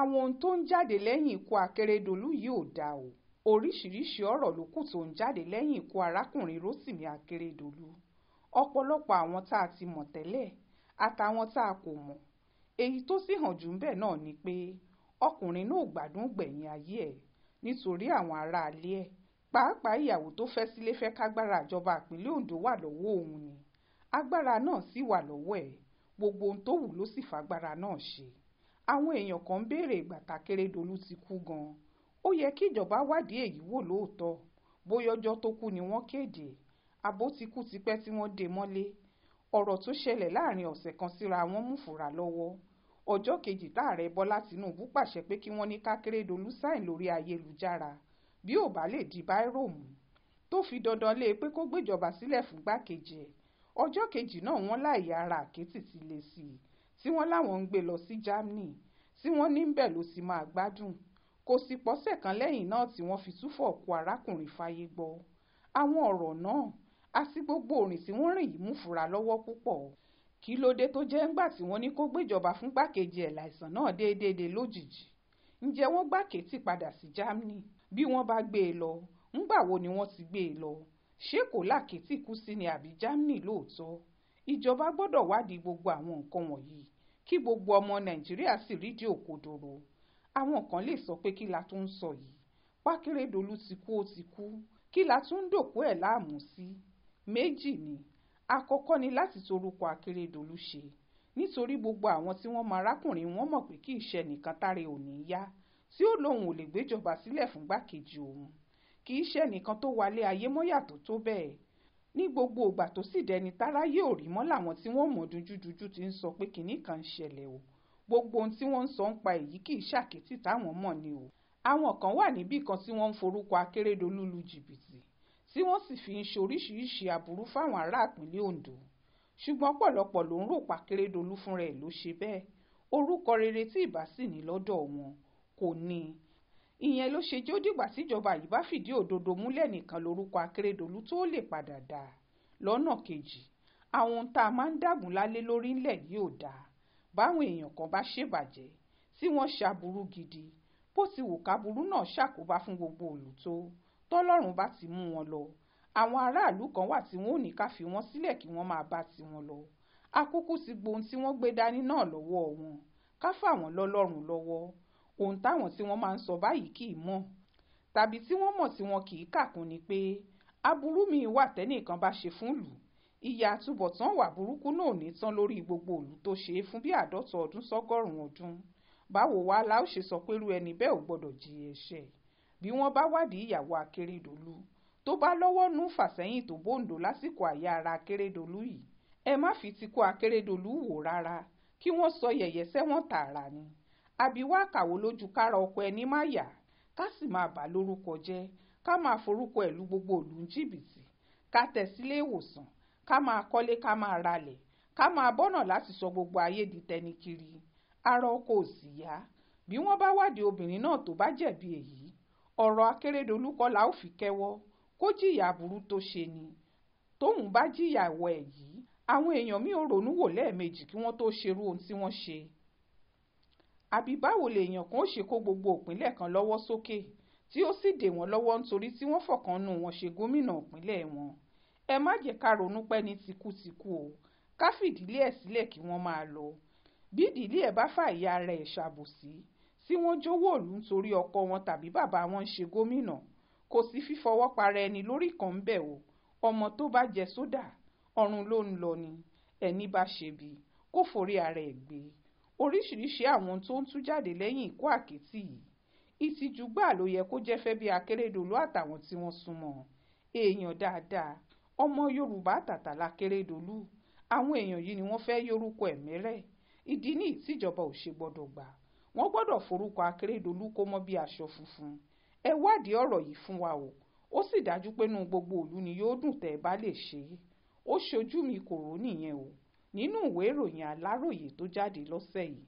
àwọn ohun tó ń jáde lẹ́yìn ikú akérèdọ́lù yìí ò dáa o oríṣiríṣi ọ̀rọ̀ ló kù tó ń jáde lẹ́yìn ikú arákùnrin rotimi akérèdọ́lù ọ̀pọ̀lọpọ̀ àwọn tá a ti mọ̀ tẹ́lẹ̀ àtàwọn tá a kò mọ̀ èyí tó sì hàn jù ń bẹ̀ náà ni pé ọkùnrin náà ò gbádùn gbẹ̀yìn ayé ẹ̀ nítorí àwọn aráalé ẹ̀ pàápàá ìyàwó tó fẹ́ sílé fẹ́ kágbára ìjọba ìpínlẹ̀ Ondo wà lọ́wọ́ òun ni agbára náà sì wà lọ́wọ́ ẹ̀ gbogbo ohun tó wù ló sì fagbára náà ṣe àwọn èèyàn kan ń béèrè ìgbà takérédolú ti kú gan-an ó yẹ kí ìjọba wádìí èyí wò lóòótọ́ bóyá ọjọ́ tó kú ni wọ́n kéde àbó ti kú tipẹ́ tí wọ́n dé mọ́lé ọ̀rọ̀ tó ṣẹlẹ̀ láàrin ọ̀sẹ̀ kan síra wọn mú fura lọ́wọ́ ọjọ́ kejì táàrẹ bọ́lá tìǹbù pàṣẹ pé kí wọ́n ní kákérédolú sáìn lórí ayélujára bí ò bá lè di báírò mú tó fi dandan lé e pé kó gbéjọba sílẹ̀ fúngbà kejì ẹ̀ ọjọ́ kejì náà wọ́n láàyè ara àkẹ́tì ti le sí i tí wọ́n láwọn ń gbé lọ sí Germany tí wọ́n ní bẹ́ẹ̀ ló sì máa gbádùn kò sì pọ́sẹ̀ kan lẹ́yìn náà tí wọ́n fi túfọ̀ kó arákùnrin fáyé gbọ́ àwọn ọ̀rọ̀ náà àti gbogbo òrìn tí wọ́n rìn yìí mú fura lọ́wọ́ púpọ̀ kí ló dé tó jẹ́ ńgbà tí wọ́n ní kó gbéjọba fúngbà kejì ẹ̀ láìsàn náà déédéé lójijì ǹjẹ́ wọ́n gbà kétì padà sí Germany bí wọ́n bá gbé e lọ ńgbà wo ni wọ́n ti gbé e lọ ṣé kò lákétì kú sí ni àbí Germany lóòótọ́ ìjọba gbọ́dọ̀ wádìí gbogbo àwọn nǹkan wọ̀nyí kí gbogbo ọmọ nàìjíríà sì rídìí òkodoro àwọn kan lè sọ pé kí la tún ń sọ yìí pákérédolú ti kú ó ti kú kí la tún ń dòkú ẹ̀ láàmú sí méjì ni àkọ́kọ́ ni láti torúkọ akérèdọ́lù ṣe nítorí gbogbo àwọn tí wọ́n mọ arákùnrin wọn mọ̀ pé kì í ṣe nìkan táre ò ní yá tí ó lóun ò lè gbéjọba sílẹ̀ fúngbà kejì òun kì í ṣe nìkan tó wálé ayé mọ́ yàtọ̀ tó bẹ́ẹ̀ ní gbogbo ìgbà tó sì dẹni táráyé ò rí mọ́ làwọn tí wọ́n mọ̀ dújúdújú ti ń sọ pé kinní kan ń ṣẹlẹ̀ o gbogbo ohun tí wọ́n ń sọ ń pa èyí kì í ṣàkítì táwọn mọ̀ ni o àwọn kan wà níbì kan tí wọ́n ń forúkọ Akérédolú lu jìbìtì tí wọ́n sì fi ń ṣoríṣiríṣi aburú fáwọn ará ìpínlẹ̀ Ondo ṣùgbọ́n pọ̀lọpọ̀ ló ń rò pa Akérédolú fúnra ẹ̀ ló ṣe bẹ́ẹ̀ orúkọ rere tí ìbá ìyẹn ló ṣe jó dìgbà tíjọba yìí bá fìdí òdodo múlẹ̀ nìkan lórúkọ akérèdọ́lù tó lè padà dà lọ́nà kejì àwọn ohun tá a máa ń dàgùn lálẹ́ lórí ńlẹ̀ yìí ò dáa báwọn èèyàn kan bá ṣèbàjẹ́ tí wọ́n ṣàbùrú gidi bó ti wù káburú náà ṣàkóbá fún gbogbo olùtó tọ́lọ́run bá ti mú wọn lọ àwọn aráàlú kan wà tí wọn ò ní ká fi wọn sílẹ̀ kí wọ́n máa bá tiwọn lọ akúkú ti gbohun tí wọ́n gbé dání náà lọ́wọ́ wọn ká fà wọ́n lọ́lọ́run lọ́wọ́ ohun táwọn tí wọ́n máa ń sọ báyìí kì í mọ̀ tàbí tí wọ́n mọ̀ tí wọn kì í kàkún ni pé aburú mi wà tẹ́nìkan bá ṣe fún lù ìyà àtúbọ̀tán wà burúkú náà ní tán lórí gbogbo ìlú tó ṣe fún bí àádọ́ta ọdún sọ́gọ́rùn-ún ọdún báwo wá la ṣe sọ pé irú ẹni bẹ́ẹ̀ ò gbọ́dọ̀ jí ẹ̀ṣẹ̀ bí wọ́n bá wádìí ìyàwó akérèdọ́lù tó bá lọ́wọ́ nú fàsẹ́yìn tó bòǹdò lásìkò àyà ara akérèdọ́lù yìí ẹ má fi ti kó akérèdọ́lù wò rárá kí wọ́n sọ yẹ̀yẹ́ sẹ́wọ̀n tààrà ni àbíwá àkàwò lójú kára ọkọ ẹni má yá ká sì máa bà lórúkọ jẹ́ ká máa forúkọ ẹ̀ lu gbogbo ìlú jìbìtì ká tẹ̀ sílé ìwòsàn ká máa kọ́lé ká máa ralẹ̀ ká máa bọ́nà láti sọ gbogbo ayé di tẹni kiri ara ọkọ ò sì yá bí wọ́n bá wádìí obìnrin náà tó bá jẹ̀bi èyí ọ̀rọ̀ akérèdọ́lù kọ́ la ó kó jìyà aburú tó ṣe ni tóun bá jìyà wọ ẹ̀ yìí àwọn èèyàn mi ò ronú wò lẹ́ẹ̀mejì kí wọ́n tó ṣerú ohun tí wọ́n ṣe àbí báwo lèèyàn kan ó ṣe kó gbogbo ìpínlẹ̀ kan lọ́wọ́ sókè tí ó sì dè wọ́n lọ́wọ́ nítorí tí wọ́n fọ̀kànnù wọn ṣe gómìnà ìpínlẹ̀ wọn ẹ má jẹ́ ká ronú pẹ́ ní tìkùtìkù o ká fìdílé ẹ̀ sílẹ̀ kí wọ́n máa lọ bí ìdílé ẹ̀ bá fà ìyá rẹ̀ ṣàbòsí tí wọ́n jówó òlu nítorí ọkọ wọn tàbí bàbá wọn ń ṣe gómìnà kò sí fífọwọ́ para ẹni lórí kan bẹ̀ o ọmọ tó bá jẹ sódà ọ̀run ló ń lọ ni ẹni bá ṣe bí kó forí ara ẹ̀ gbé e oríṣiríṣiì àwọn tó ń tú jáde lẹ́yìn ikú àkìtì yìí ìtìjú gbà ló yẹ kó jẹ́ fẹ́ bí akérèdọ́lù àtàwọn tí wọ́n súnmọ́ èèyàn dáadáa ọmọ yorùbá tàtà lakérèdọ́lù àwọn èèyàn yìí ni wọ́n fẹ́ yorùkọ ẹ̀mẹ́rẹ́ ìdí ní ìtìjọba ò ṣe gbọ́dọ̀ gbà wọ́n gbọ́dọ̀ forúkọ akérèdọ́lù kó mọ́ bí aṣọ funfun ẹ wádìí ọ̀rọ̀ yìí fún wa o ó sì dájú pé inú gbogbo ìlú ni yóò dùn tẹ́ ẹ bá lè ṣe é ó ṣojú mi kò nìyẹn o nínú ìwé ìròyìn aláròye tó jáde lọ́sẹ̀ yìí